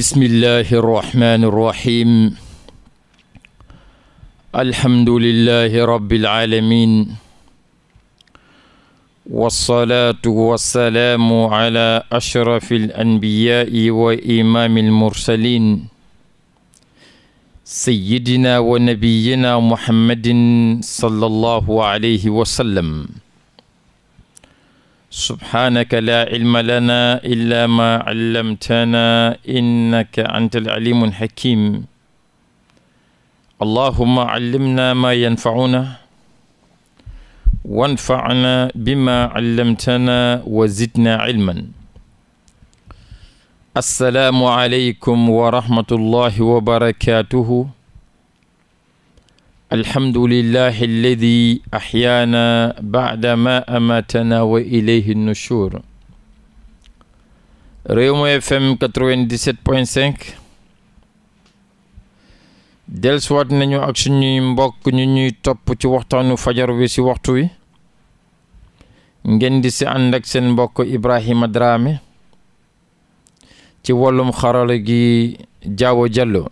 bismillahi irrahmani irrahim alhamdulillahi rabbil alamin wasalaatu wasalaamu ala ashrafi alanbiyaai wa imaami almursalin sayidina wa nabiyina muhammadin sallallahu alayhi wa sallam subhaanaka laa cilma lanaa illaa maa callamtanaa innaka anta alcaliimu alxakiim allahuma callimnaa maa yanfacunaa wanfacnaa bimaa callamtanaa wa zidnaa cilman assalaamu aleykum wa rahmatullahi wa barakaatuhu alhamdulillahi alladi axyaana bacda ma amaatana wa ilayhi nushur Rewmi FM 97.5 dellusiwaat nañu ak suñuy mbokk ñu ñuy topp ci waxtaanu fajar wi ci waxtu wi ngeen di si ànd ak seen mbokk Ibrahima Dramé ci wàllum xarala gi Jaawo Jallo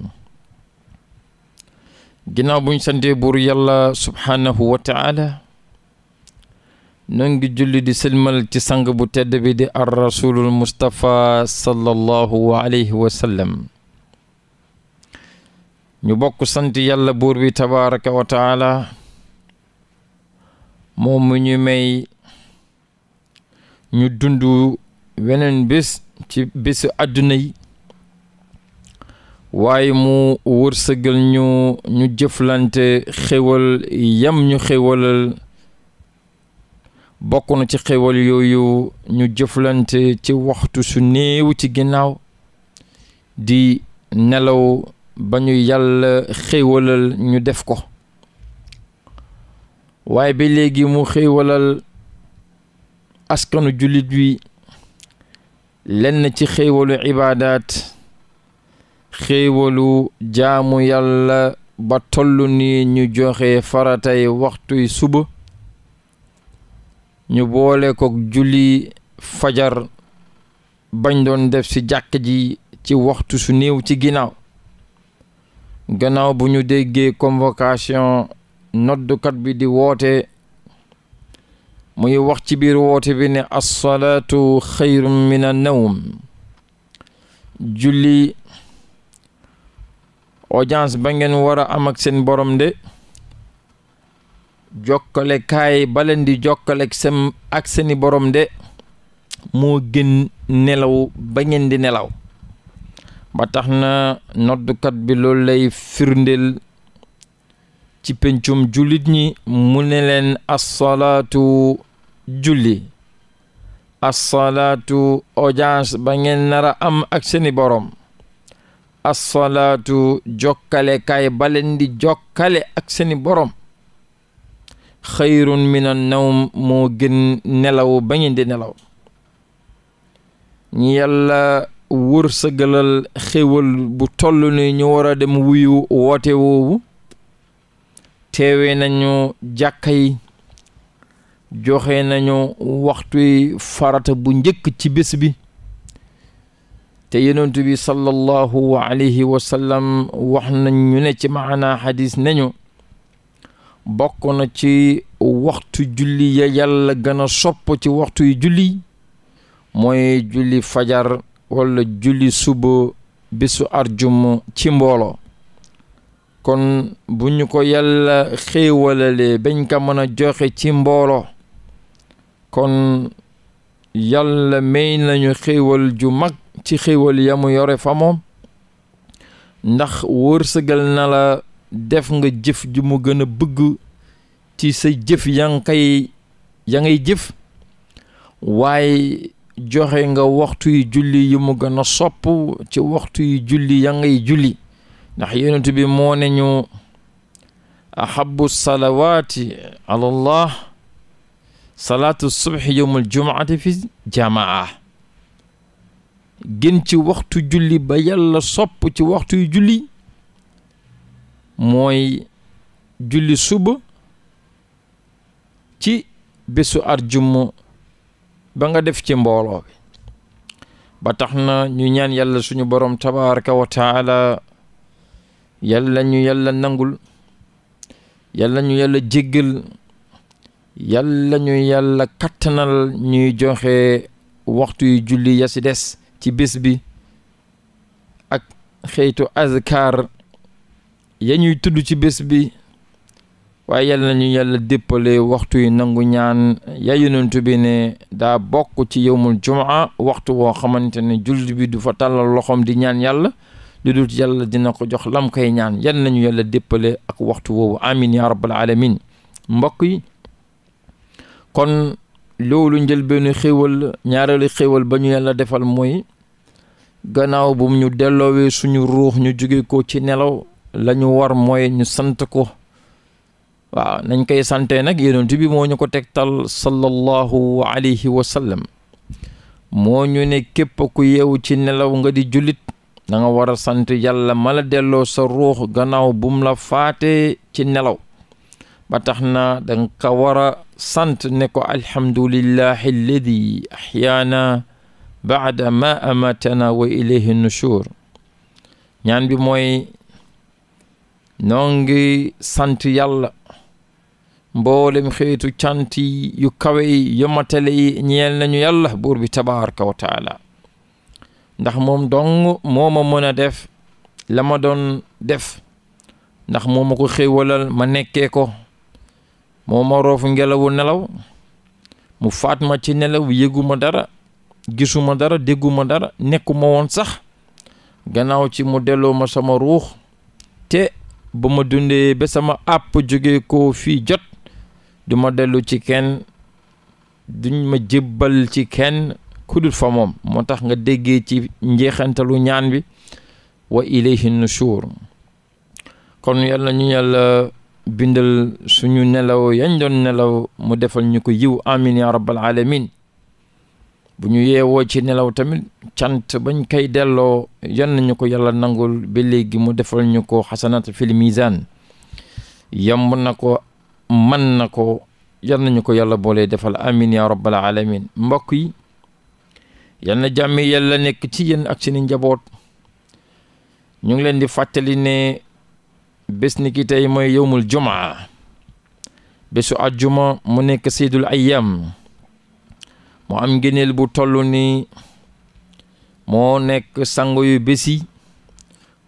ginnaaw buñ santee buur yàlla subhaanahu wa taala noo ngi julli di sëlmal ci sang bu tedd bi di ar rasulul mustapha sallallahu alayhi ñu bokk sant yàlla buur bi tabaraka wa moom mu ñu may ñu dund weneen bés ci bésu àdduna yi waaye mu wërsëgal ñu ñu jëflante xéwal yam ñu xéwalal bokk na ci xewal yooyu ñu jëflante ci waxtu su néew ci ginnaaw di nelaw ba ñu yàlla xéwalal ñu def ko waaye ba léegi mu xéwalal askanu jullit wi lenn ci xéwalu ibaadaat xéewalu jaamu yàlla ba tollu ni ñu joxe faratay waxtuy suba ñu boole ko julli fajar bañ doon def ci jàkk ji ci waxtu su néew ci ginnaaw gannaaw bu ñu déggee convocation noddukat bi di woote muy wax ci biir woote bi ne assalaatu xayrun min annawm julli audience ba ngeen war a am ak seen borom de jokkale kaay ba di jokkale ak seeni borom nde moo gën nelaw ba ngeen di nelaw ba tax na noddukat bi loolu lay firndeel ci pencum jullit ñi mu ne leen assalaatu julli assalaatu audience ba ngeen nar a am ak seeni borom assalaatu jokkalekaay kaay baleen jokkale ak seeni borom xayrun min an nawm moo gën nelaw ba ngeen di nelaw ñi yàlla wërsëgalal xéwal bu toll ni ñu war a dem wuyu woote woowu teewee nañu jàkka yi joxe nañu waxtu farata bu njëkk ci bés bi te yonent bi sallallahu alayhi wa wax nañ ñu ne ci maanaa xadis nañu bokk na ci waxtu julli ya yàlla gën a sopp ci waxtu yu julli mooy julli fajar walla julli suba bisu arjum ci mbooloo kon bu ñu ko yàlla xéewalalee bañ ko mën a joxe ci mbooloo kon yàlla may nañu xéewal ju mag ci xéwal ya mu yore fa moom ndax wërsëgal na la def nga jëf ju mu gën a bëgg ci sa jëf ya nga ya ngay jëf waaye joxe nga waxtu yu julli yu gën a sopp ci waxtu yu julli ya julli ndax yonent bi moo ne ñu ahabu salawaati ala allah salaatu subhi yowmul jumaati fi jamaa gën ci waxtu julli ba yàlla sopp ci waxtuy julli mooy julli suba ci bésu arjuma ba nga def ci mbooloo bi ba tax na ñu ñaan yàlla suñu borom tabaraka wa taala yàlla ñu yàlla nangul yàlla ñu yàlla jéggal yàlla ñu yàlla kattanal ñuy joxe waxtu yu julli ya si des ci bés bi ak xëytu azkar yañuy tudd ci bés bi waaye yàlla nañu yàlla déppale waxtu yi nangu ñaan ya yonent bi ne daa bokk ci yowmul jumaa waxtu woo xamante ne jullit bi du fa tàllal loxoom di ñaan yàlla lu dul yàlla dina ko jox lam koy ñaan yàlla nañu yàlla déppale ak waxtu woowu amin ya rabbal alamin mbokk yi kon loolu njëlbeenu xéwal ñaareelu xéwal ba ñu yàlla defal mooy gannaaw bu ñu delloowee suñu ruux ñu jóge ko ci nelaw lañu war mooy ñu sant ko waaw nañ koy santee nag yonent bi moo ñu ko tegtal sallallahu alayhi wa sallam moo ñu ne képp ku yeewu ci nelaw nga di jullit da war a sant yàlla mala delloo sa ruux gannaaw bum la faatee ci nelaw ba tax na danga ka wara sant ne ko alhamdulillahi alladi ahyaana baada ma amatana wa ilayhi nushur ñaan bi mooy noo ngi sant yàlla mboolem xeetu cant yu kawe yi yomatale ñeel nañu yàlla buur bi tabaraka wa taala ndax moom dong moo ma mën a def la ma doon def ndax moo ko xéewalal ma nekkee ko moo ma roofu ngelawu nelaw mu faat ma ci nelaw yëguma dara gisuma dara dégguma dara nekkuma woon sax gannaaw ci mu delloo ma sama ruux te ba ma dundee ba sama àpp jóge ko fii jot du ma dellu ci kenn duñ ma jébbal ci kenn ku dul fa moom moo tax nga déggee ci njeexantalu ñaan bi wa ilayhi nushur kon yàlla ñu yàlla bindal suñu nelaw yañ doon nelaw mu defal ñu ko yiw amin ya rabbal alamin bu ñu yeewoo ci nelaw tamit cant bañ koy delloo yan nañu ko yàlla nangul ba léegi mu defal ñu ko xasanat fil mizan na ko man na ko yan nañu ko yalla boole defal amin ya rabbal alamin mbokk yi yal na nekk ci yéen ak seeni njaboot ñu leen di fàttali bés ni ki tey mooy yowmul jumaa bésu àjjuma mu nekk seydul ayyam mu am ngéneel bu toll ni moo nekk sango yu bés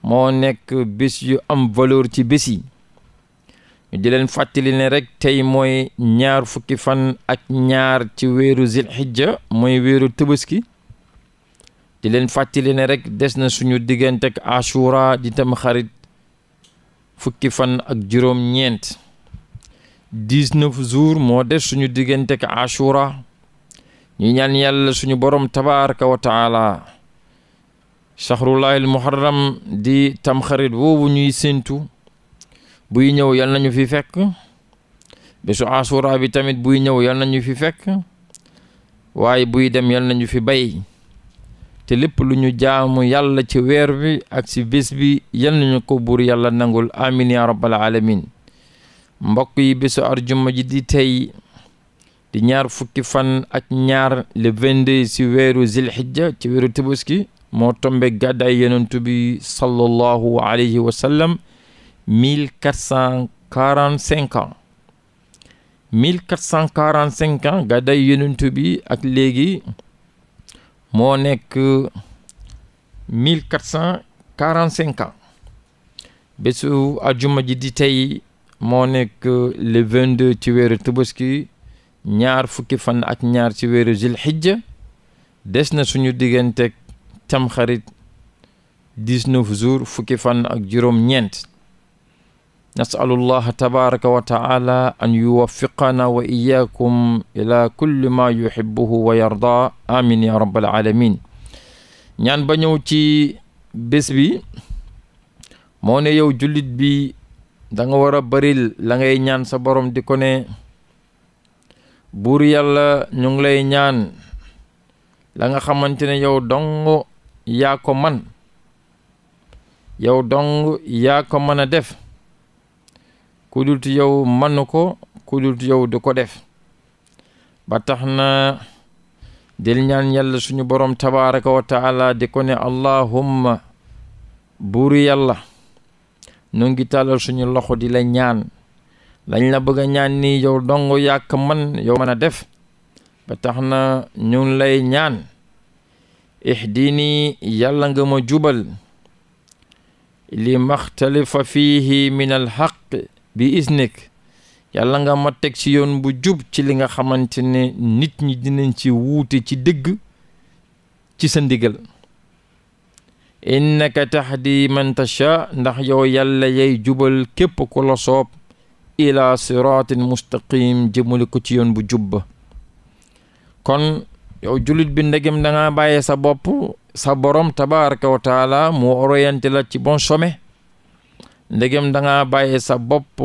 moo nekk bés yu am valeur ci bés yi ñu di leen fàttali ne rek tey mooy ñaar fukki fan ak ñaar ci wéeru zilxijja mooy weeru tëbaski di leen fàttali ne rek des na suñu diggante ak ashura di tam fukki fan ak juróom-ñeent dix-neuf jours moo des suñu diggante ak Ashura ñu ñaan yàlla suñu borom tabaaraka wa taala shahrullahil muharram di tamxarit woowu ñuy séntu buy ñëw yal nañu fi fekk bésu Ashura bi tamit buy ñëw yal nañu fi fekk waaye buy dem yal nañu fi bay te lépp lu ñu jaamu yàlla ci weer bi ak ci bés bi yal nañu ko buur yàlla nangul amin ya rabbal alamin mbokk yi bésu arjuma ji di tey di ñaar fukki fan ak ñaar le 22 ci weeru zilhijja ci weeru tabaski moo tombe gàddaay yonentu bi sallallahu alayhi wa sallam 1445 ans 1445 ans gàddaay yonentu bi ak léegi moo nekk mille quatre cent quarante cinq ans bésu ajuma ji di tey moo nekk le vingt deux ci weeru tabaski ñaar fukki fan ak ñaar ci weeru zilhijja des na suñu digganteeg tamxarit dix neuf jours fukki fan ak juróom ñeent nasalullaha tabaraka wa taala an yuwaffiqana wa iyaakum ila kulli ma yuhibbuhu wa yarda amin ya rabbal ñaan ba ñëw ci bés bi moo yow jullit bi danga nga war a bëril la ngay ñaan sa borom di ko ne buur yàlla ñu ngi lay ñaan la nga xamante ne yow dong yaa ko man yow dong yaa ko mën a def ku yow mën ko ku yow du ko def ba tax na del ñaan yàlla suñu borom tabaraka wa taala di ko ne allahumma buuru yàlla nu ngi tàllal suñu loxo di la ñaan lañ la bëgg a ñaan nii yow dong yàkk man yow mën a def ba tax na ñu lay ñaan ihdini yàlla nga ma jubal li maxtalifa fiihi min alxaq bi isnik yàlla nga ma teg ci yoon bu jub ci li nga xamante ne nit ñi dinañ ci wuute ci dëgg ci sa ndigal innaka tahdi man tacha ndax yow yàlla yay jubal képp ku la soob ila siraatin mustaqim jëmale ko ci yoon bu jubba kon yow jullit bi ndegem da ngaa sa bopp sa borom tabaraka wa mu orienté la ci bon chemin ndegem da ngaa bàyyee sa bopp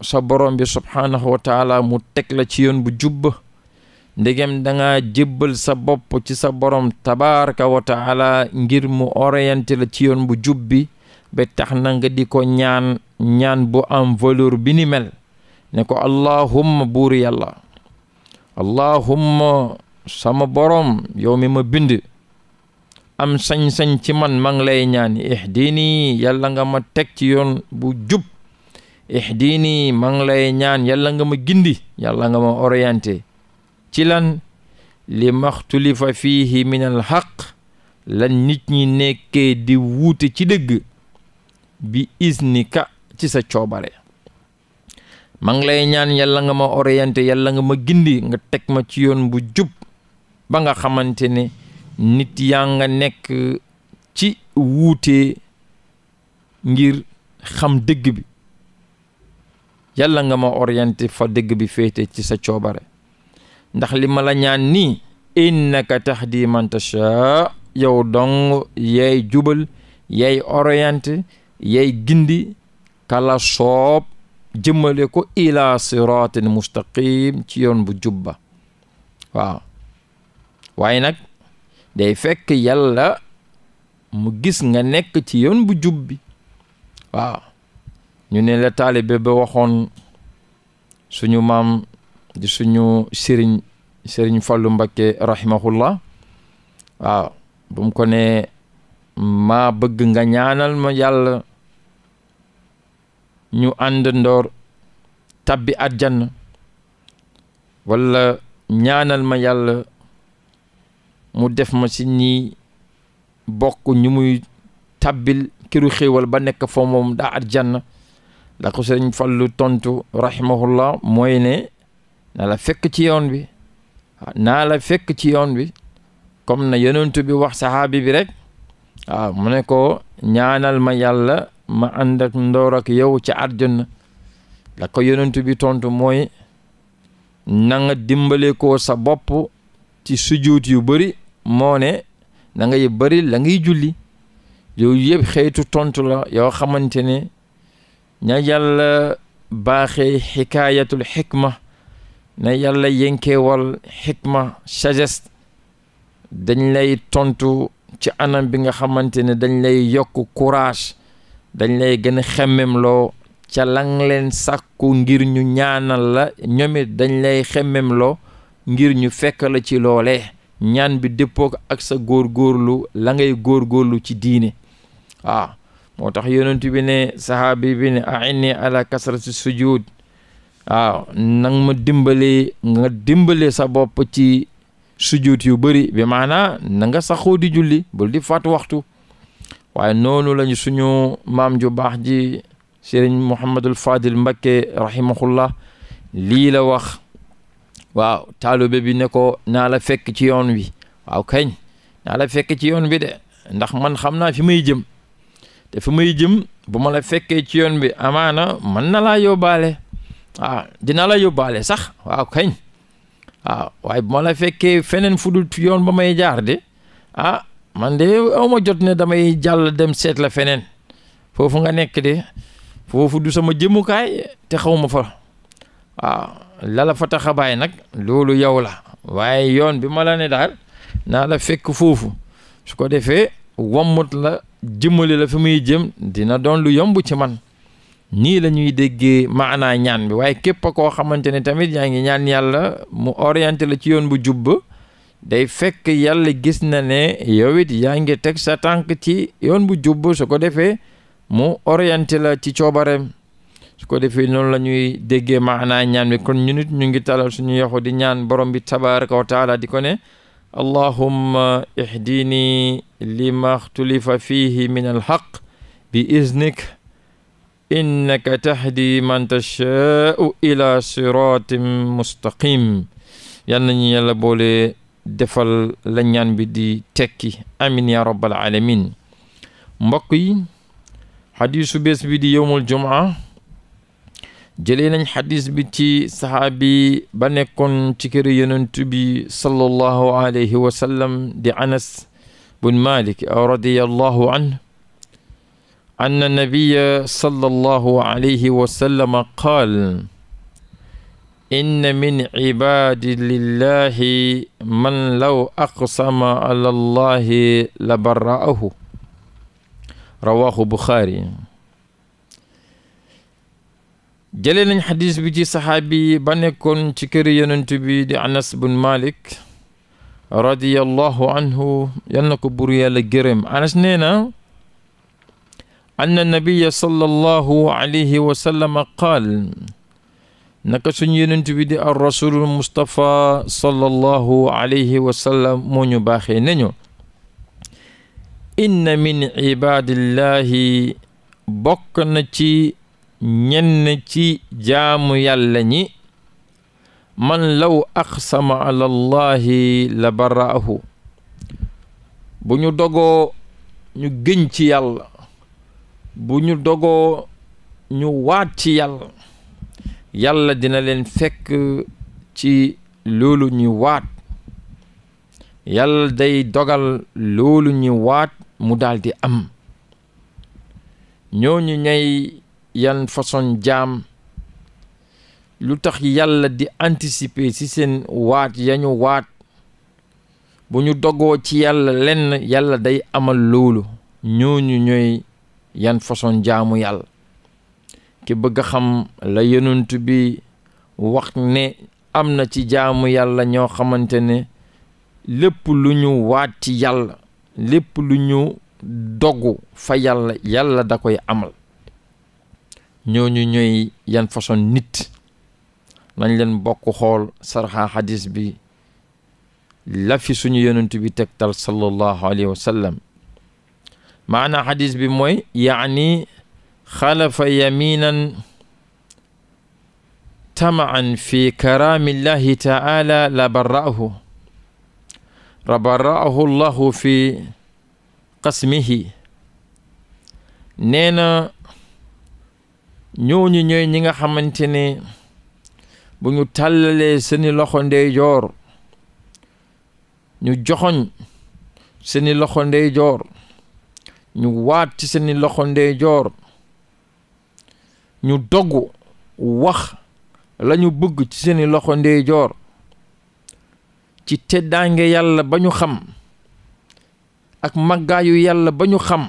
sa borom bi subhaanahu wa mu teg la ci yoon bu jubba ndegem da jébbal sa bopp ci sa borom tabaraka ngir mu orienté la ci yoon bu jubbi ba tax na nga di ko ñaan ñaan bu am valeur bi ni ne ko allahumma buur yàlla allahumma sama borom yow mi ma bind am sañ-sañ ci man ma ngi lay ñaan yàlla nga ma teg ci yoon bu jub ihdini ma ngi lay ñaan yàlla nga ma gindi yàlla nga ma orienté ci lan li maxtulifa fiihi min al xaq lan nit ñi nekkee di wuute ci dëgg bi isnika ci sa coobare ma lay ñaan yàlla nga ma orienté yàlla nga ma gindi nga teg ma ci yoon bu jub ba nga xamante ne nit yaa nga nekk ci wuute ngir xam dëgg bi yàlla nga ma orienté fa dëgg bi féete ci sa coobare ndax li ma la ñaan nii innaka di man tasha yow dong yay jubal yay orienté yay gindi kala soob jëmmale ko ila siratin mustaqim ci yoon bu jubba waaw waaye nag day fekk yàlla mu gis nga nekk ci yoon bu jub bi waaw ñu ne la taalibe ba waxoon suñu maam di suñu sëriñ sëriñ Fallu Mbakke rahimahullah waaw bu mu maa bëgg nga ñaanal ma yàlla ñu ànd ndoor tabbi àjjana walla ñaanal ma yàlla mu def ma ci ñi bokk ñu muy tàbbil këru xéewal ba nekk foo moom daa aljanna la ko sëriñ Fallu tontu rahimahullah mooy ne naa la fekk ci yoon bi ah, naa la fekk ci yoon bi kom na yonent bi wax sahaabi bi rek waaw mu ne ko ñaanal ma yàlla ma ànd ak ndoor ak yow ci àjjana la ko yonent bi tontu mooy na nga dimbale ko sa bopp ci sujuut yu bari moo ne da ngay bari la ngay julli yooyu yëpp xeetu tontu la yoo xamante ne ña yàlla baaxee xikaayatul xikma na yàlla yënkeewal xikma sagesse dañ lay tontu ci anam bi nga xamante ne dañ lay yokk courage dañ lay gën a xemmemloo ca lang leen sàkku ngir ñu ñaanal la ñoom dañ lay xemmemloo ngir ñu fekk la ci loole ñaan bi dëppoo ak sa góor góorgóorlu la ngay góorgóorlu ci diine waaw ah, moo tax yonent bi ne sahaabi bi ne aini ala kasrati sujud waaw ah, nang ma dimbalee nga dimbalee sa bopp ci sujud yu bari bi maanaa na nga saxoo di julli bul di fàtt waxtu waaye noonu lañu suñu maam ju baax ji sëriñ Mouhamadul Fadil Mbakke rahimahullah lii la wax waaw taalube bi ne ko naa la fekk ci yoon wi waaw kañ naa fekk ci yoon bi de ndax man xam naa fi may jëm te fi may jëm bu ma la fekkee ci yoon bi amaana man na laa yóbbaale waaw ah, dina la yóbbaale sax waaw kañ waaw ah, waaye bu ma la fekkee feneen fu dul yoon ba may jaar de ah man de aw jot ne damay jàll dem seetla feneen foofu nga nekk de foofu du sama jëmukaay te xaw ma fa waaw ah, lala fa tax a bàyyi nag loolu yow la waaye yoon bi ma la ne daal naa la fekk foofu su ko defee wammut la jëmmali la fi muy jëm dina doon lu yomb ci man nii la ñuy déggee maanaa ñaan bi waaye képp koo xamante ne tamit yaa ngi ñaan yàlla mu orienté la ci yoon bu jubb day fekk yàlla gis na ne yowit yaa ngi teg sa tànk ci yoon bu jubba su ko defee mu orienté la ci coobareem su ko defee noonu la ñuy déggee maanaa ñaan bi kon ñu nit ñu ngi talal suñu yoxo di ñaan borom bi tabaraka wa di ko ne allahumma ihdini lima xtulifa fihi min alxaq bi iznik innaka tahdi man tachaau ila siratin mustaqim yal nañu yàlla boole defal la ñaan bi di tekki amin ya rabbal alamin mbokk yi xadiisu bés bi di jëlee nañ xadis bi ci saxaabi ba nekkoon ci kër yonent bi sallallahu alayhi wa sallam di anas bun malik radiyallahu anhu anna nabiya sallallahu alayhi wa sallam qaal inna min cibaadi lillahi man law aqsama ala allahi la barra'ahu rawahu buxaari jëlee nañ xadis bi ci saxaabi ba nekkoon ci kër yonent bi di anas bun malik radiyallahu anhu yal na ko bur gërëm anas nee na anna nabiya sallallahu alayhi wa qaal naka suñu yonent bi di ar rasulul mustapha sallallahu alayhi wa sallam moo ñu inna min ibaadillahi bokk na ci ñenn ci jaamu yàlla ñi man law aqsama ala allahi la baraahu bu ñu dogoo ñu gëñ ci yàlla bu ñu dogoo ñu waat ci yàlla yàlla dina leen fekk ci loolu ñu waat yàlla day dogal loolu ñu waat mu daldi am ñooñu ñay yan façon jaam lu tax yàlla di anticiper ci seen waat yañu waat bu ñu dogoo ci yàlla lenn yàlla day amal loolu ñooñu ñooy yan façon jaamu yàlla ki bëgg xam la yonent bi wax ne am na ci jaamu yàlla ñoo xamante ne lépp lu ñu waat ci yàlla lépp lu ñu dogu fa yàlla yàlla da koy amal ñooñu ñooy yan façon nit nañ leen bokk xool sarxa xadis bi la fi suñu yonent bi tegtal sallallahu alayhi wa sallam maanaa xadis bi mooy yaani xalafa yaminan tamaan fi karaamillahi taala la barraahu la barraahu llahu fi qasmihi nee na ñooñu ñooy ñi nga xamante ne bu ñu tàllalee seeni loxo ndeyjoor ñu joxoñ seeni loxo ndeyjoor ñu waat ci loxo ndeyjoor ñu dogg wax lañu bëgg ci seeni loxo ndeyjoor ci tëddange yàlla ba ñu xam ak màggaayu yàlla ba ñu xam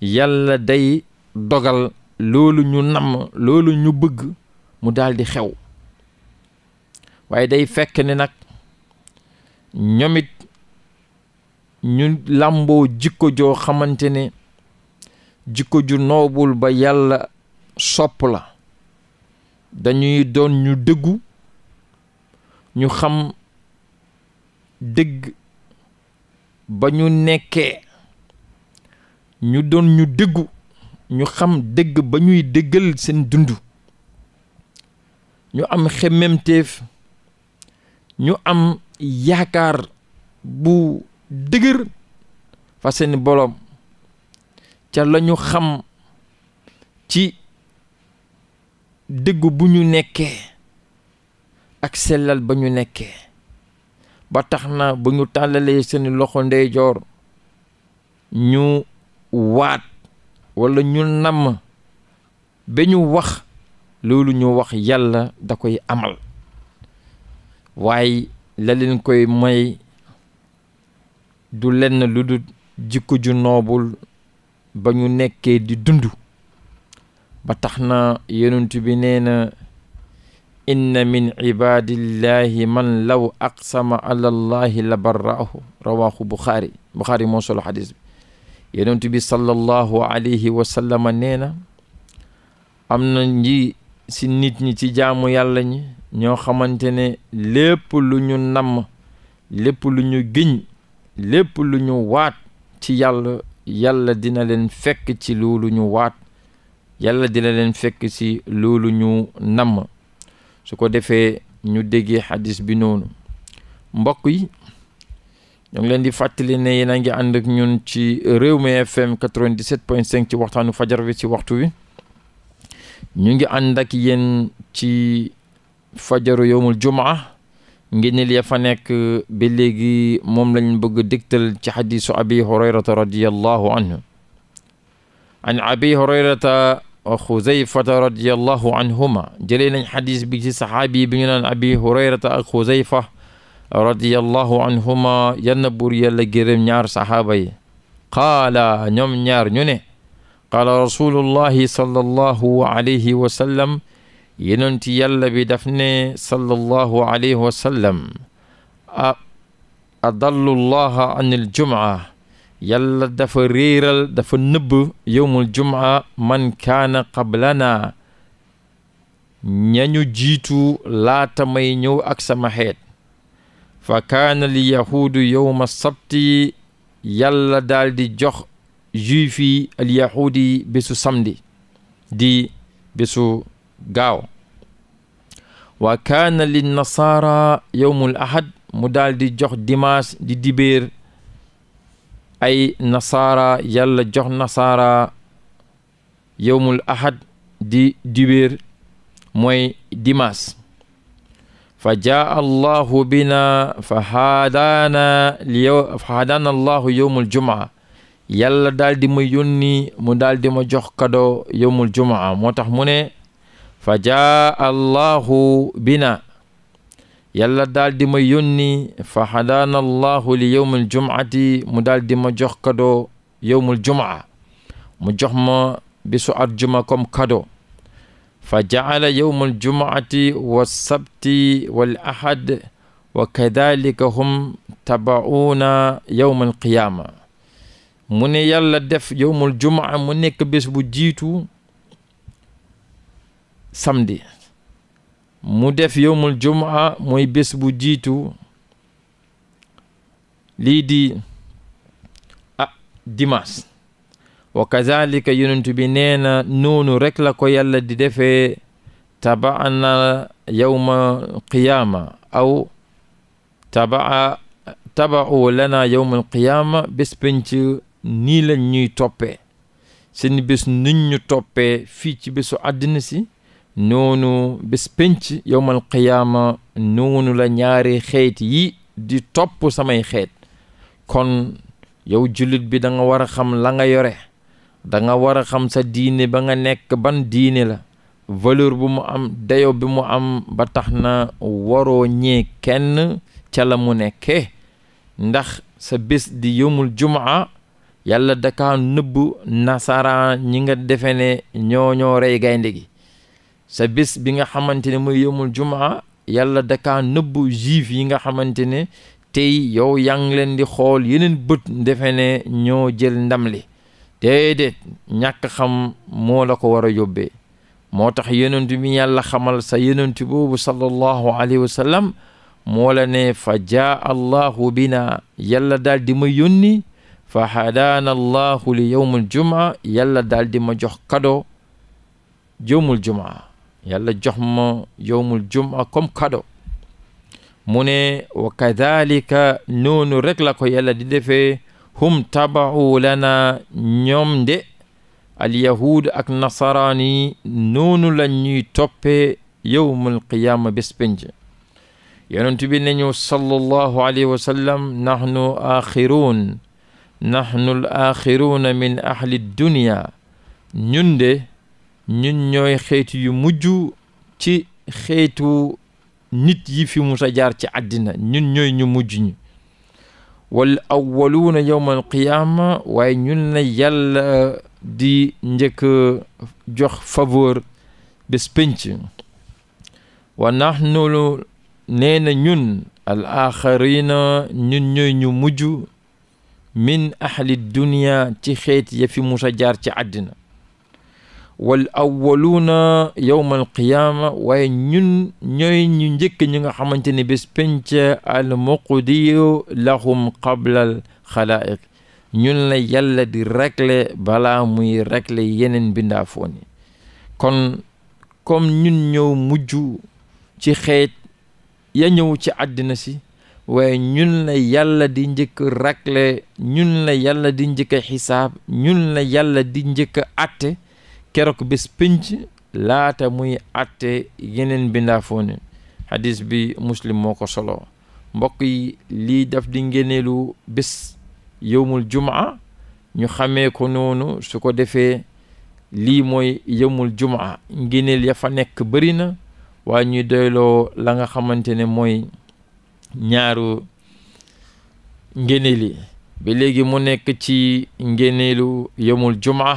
yàlla day dogal loolu ñu namm loolu ñu bëgg mu daldi xew waaye day fekk ni nag ñomit ñu làmboo jikko joo xamante ne jikko ju noobul ba yàlla sopp la dañuy doon ñu dëggu ñu xam dëgg ba ñu nekkee ñu doon ñu dëggu ñu xam dëgg ba ñuy dëggal seen dund ñu am xemmemteef ñu am yaakaar bu dëggër fa seen boroom ca la ñu xam ci dëgg bu ñu nekkee ak sellal ba ñu nekkee ba tax na bu ñu tàllalee seen loxo ndeyjoor ñu waat wala ñu namm ba ñu wax loolu ñu wax yàlla da koy amal waaye la leen koy may du lenn lu du jikko ju noobul ba ñu nekkee di dund ba tax na yonent bi nee na inna min ibadillahi man law aqsama ala la barraahu rawahu buxaari buxaari moo solo xadis bi yonent bi sallallahu alayhi wa nee na am na nji ci nit ñi ci jaamu yàlla ñi ñoo xamante ne lépp lu ñu namm lépp lu ñu giñ lépp lu ñu waat ci yàlla yàlla dina leen fekk ci loolu ñu waat yàlla dina leen fekk ci loolu ñu namm su ko defee ñu déggee xadis bi noonu mbokk yi ñoo ngi leen di fàttali ne yéen a ngi ànd ak ñun ci Rewmi FM 97.5 ci waxtaanu fajar wi ci waxtu wi ñu ngi ànd ak yéen ci fajar yowmul jumaa ngeen ya fa nekk ba léegi moom lañ bëgg dégtal ci xadiisu abi hurayrata radiyallahu anhu an abi hurayrata wa xuzayfata anhuma jëlee nañ xadiis bi ci saxaabi bi ñu naan abi hurayrata ak radiyallahu anhuma yal na buur yàlla gërëm ñaar saxaaba yi ñoom ñaar ñu ne qaala rasulullahi sallallahu alayhi wa sallam yenenti yàlla bi daf ne sallallahu alayhi wa sallam a adallullaha an il jumaa dafa réeral dafa nëbb yowmul jumaa man kaana qablana ñañu jiitu laata may ñëw ak sama fa kaana li yahuudu yowma sabti yàlla daal jox juif yi al yahuud di bésu gaaw wa kaana li nasaara yowmul ahad mu daal jox dimanche di dibéer ay nasaara yàlla jox nasaara yowmul ahad di dibéer mooy dimanche fa jaa allahu bina fa haadaana liyow fa haadaana allahu yowmul jumaa yàlla daal di ma yónni mu daldi di ma jox kadoo yowmul jumaa moo tax mu ne fa jaa allahu bina yàlla daal di ma yónni fa haadaana allahu li yowmul jumaati mu daal di ma jox kadoo yowmul jumaa mu jox ma bisu arjuma kom kadoo fa jaala yowma aljumaati walsabti wal ahad wa kadalika hum tabauna yowma alqiyaama mu ne yàlla def yowmul jumaa mu nekk bés bu jiitu samedi mu def yowmul jumaa mooy bés bu jiitu lii di ah dimanche wa kazalika bi neena na noonu rek la ko yàlla di defee tabaana yawma qiyaama aw tabaa tabaau lana yawma qiyaama bés penc nii la ñuy toppee seen bés nuñ ñu toppee fii ci bésu àddina si noonu bés penc yawmal qiyaama la ñaari xeet yi di topp samay xeet kon yow julit bi danga war a xam la nga yore da nga war a xam sa diine ba nga nekk ban diine la valeur bu mu am dayo bi mu am ba tax na waroo ñee kenn ca la mu nekkee ndax sa bés di yomul jumaa yàlla daka nëbb nasaraan ñi nga defe ne ñoo ñoo rey gaynde gi sa bés bi nga xamante ne muy yomul jumaa yàlla dakaa nëbb juif yi nga xamante ne tey yow yaa ngi leen di xool yeneen bët defe ne ñoo jël ndam li déedéet ñàkk xam moo la ko war a yóbbee moo tax yonent bi yàlla xamal sa yonent boobu sallallahu alayhi wa sallam la ne fa jaa allahu bina yàlla daal di ma yónni fa hadaana allahu li yowmul jumaa yàlla dal di ma jox kado yowmul jumaa yàlla jox ma yowmul jumaa comme kado mu ne wa kadalika noonu rek la ko yàlla di defee hum tabaau lana ñoom de alyahuud ak nasaraan yi noonu la ñuy toppe yowmal qiyaama bés penc yonent bi nañu sallallahu alayhi wa sallam nahnu axiruun nahnu l min ahli dunia ñun de ñun ñooy xeetu yu mujj ci xeetu nit yi fi musa jaar ci àddina ñun ñooy ñu mujj ñu wal awwaluuna yowma al qiyaama waaye ñun na yàlla di njëkk jox faveur bés pénc wa nahnu nee na ñun al axarina ñun ñooy ñu mujj min ahli dunia ci xeet ya fi musa jaar ci àddina wal awwaluuna yowma alqiyaama waaye ñun ñooy ñu njëkk ñi nga xamante ne bés penc al muqdiyu laxum qabla al xalaaiq ñun la yàlla di rekle balaa muy rekle yeneen bindaafoon yi kon comme ñun ñëw mujj ci xeet ya ñëw ci àddina si waaye ñun la yàlla di njëkk rekle ñun la yàlla di njëkk xisaab ñun la yàlla di njëkk atte keroog bés pénc laata muy àtte yeneen bindaafoon hadis bi muslim moo ko solo mbokk yi lii daf di ngéneelu bés yowmul jumaa ñu xamee ko noonu su ko defee lii mooy yowmul jumaa ngéneel ya fa nekk bëri na waaye ñuy doyloo la nga xamante ne mooy ñaaru ngéneel yi ba léegi mu nekk ci ngéneelu yowmul jumaa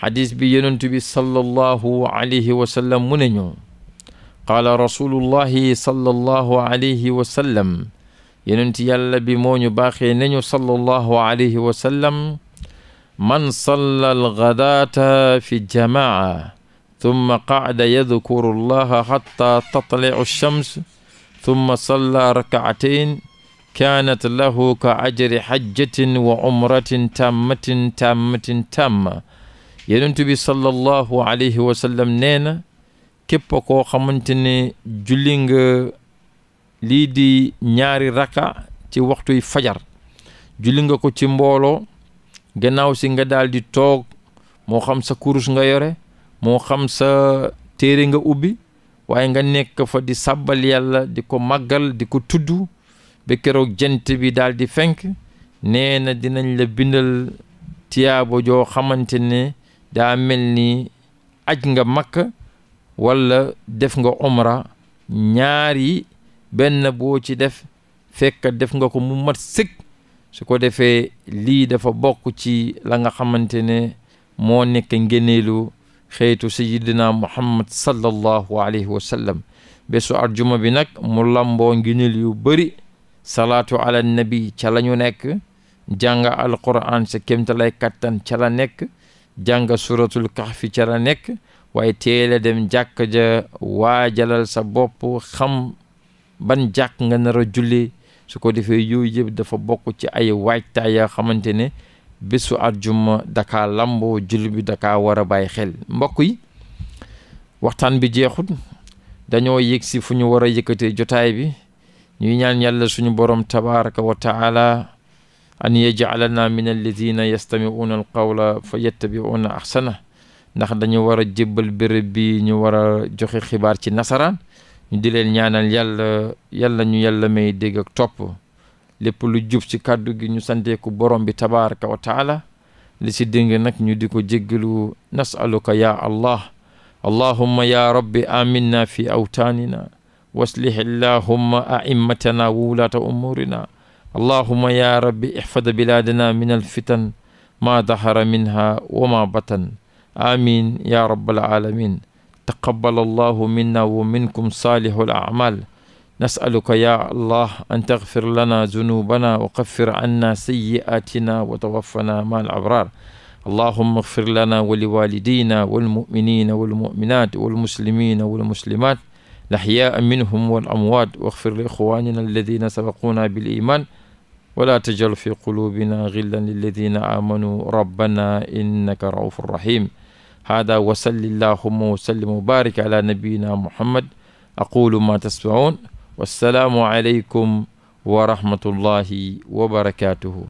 xadis bi yonentu bi sallallahu alayhi wa sallam mu ne ñu qaala rasulullahi sallallahu alayhi wa sallam yonent yàlla bi moo ñu baaxee nañu sallallahu alayhi wa sallam man salla alxadaata fi jamaa tumma qaada yadkuru allaha xatta tatlicu alchams tumma salla rakaatain kaanat lahu ka ajri xajjatin wa umratin tammatin tammatin tamma yonent bi sallallahu alayhi wa sallam nee na képp koo xamante ne julli nga lii di ñaari raka ci waxtuy fajar julli nga ko ci mbooloo gannaaw si nga daal di toog moo xam sa kurus nga yore moo xam sa téere nga ubbi waaye nga nekk fa di sàbbal yàlla di ko màggal di ko tudd ba keroog jant bi daal di fenk nee na dinañ la bindal tiyaabo joo xamante ne daa mel ni aj nga makka walla def nga umra ñaari benn boo ci def fekk def nga ko mu mat sëg su ko defee lii dafa bokk ci la nga xamante ne moo nekk ngéneelu xeetu sayidina muhammad sallallahu alayhi wa sallam bésu arjuma bi nag mu lamboo ngéneel yu bari salaatu ala nabi ca la nekk jàng alquran sa kémta lay kattan ca la nekk jàng suratul kahfi ca la nekk waaye teel dem jàkk ja waajalal sa bopp xam ban jàkk nga nara julli su ko defee yooyu yëpp dafa bokk ci ay waajtaay yoo xamante ne bésu àjjuma daka lamboo julli bi daka war a bàyyi xel mbokk yi waxtaan bi jeexul dañoo yëg si fu ñu war a yëkkatee jotaay bi ñuy ñaan yàlla suñu borom tabaraka wa an yajcalana min alladina yastamicuuna alqawla fa yattabicuuna axsana ndax dañu war a jébbal béréb bi ñu war a joxe xibaar ci nasaraan di leen ñaanal yàlla yàlla ñu yàlla may dégg ak topp lépp lu jub ci kàddu gi ñu santeeku borom bi tabaraka wa taala li nag ñu di ko jéggalu nasaluka ya allah allahumma ya rabbi aminna fi awtaanina waslih allahumma aimmatana wa wulaata umurina allahuma ya rabbi ihfad bilaadana min alfitan maa dahara minha wa maa batan amin ya rabbal alamin taqabbal allahu minna wa minkum saalihul a'mal nasaluka ya allah an taghfir lana zunubana wa qaffir anna sayyi'atina wa tawaffana ma al abrar allahuma ighfir lana wa liwalidina walmuminina walmuminat walmuslimina walmuslimat laxyaa minhum wal amwaat waghfir li ixwanina alladina sabaquna bil iman wala tajal fi qulubina gillan lilladina amanu rabbana innaka raufur rahim hada wasalli llahuma wasallim wa barik ala nabiyina muhammad aqulu ma tasmaun wassalaamu aleykum wa rahmatullahi wa barakatuhu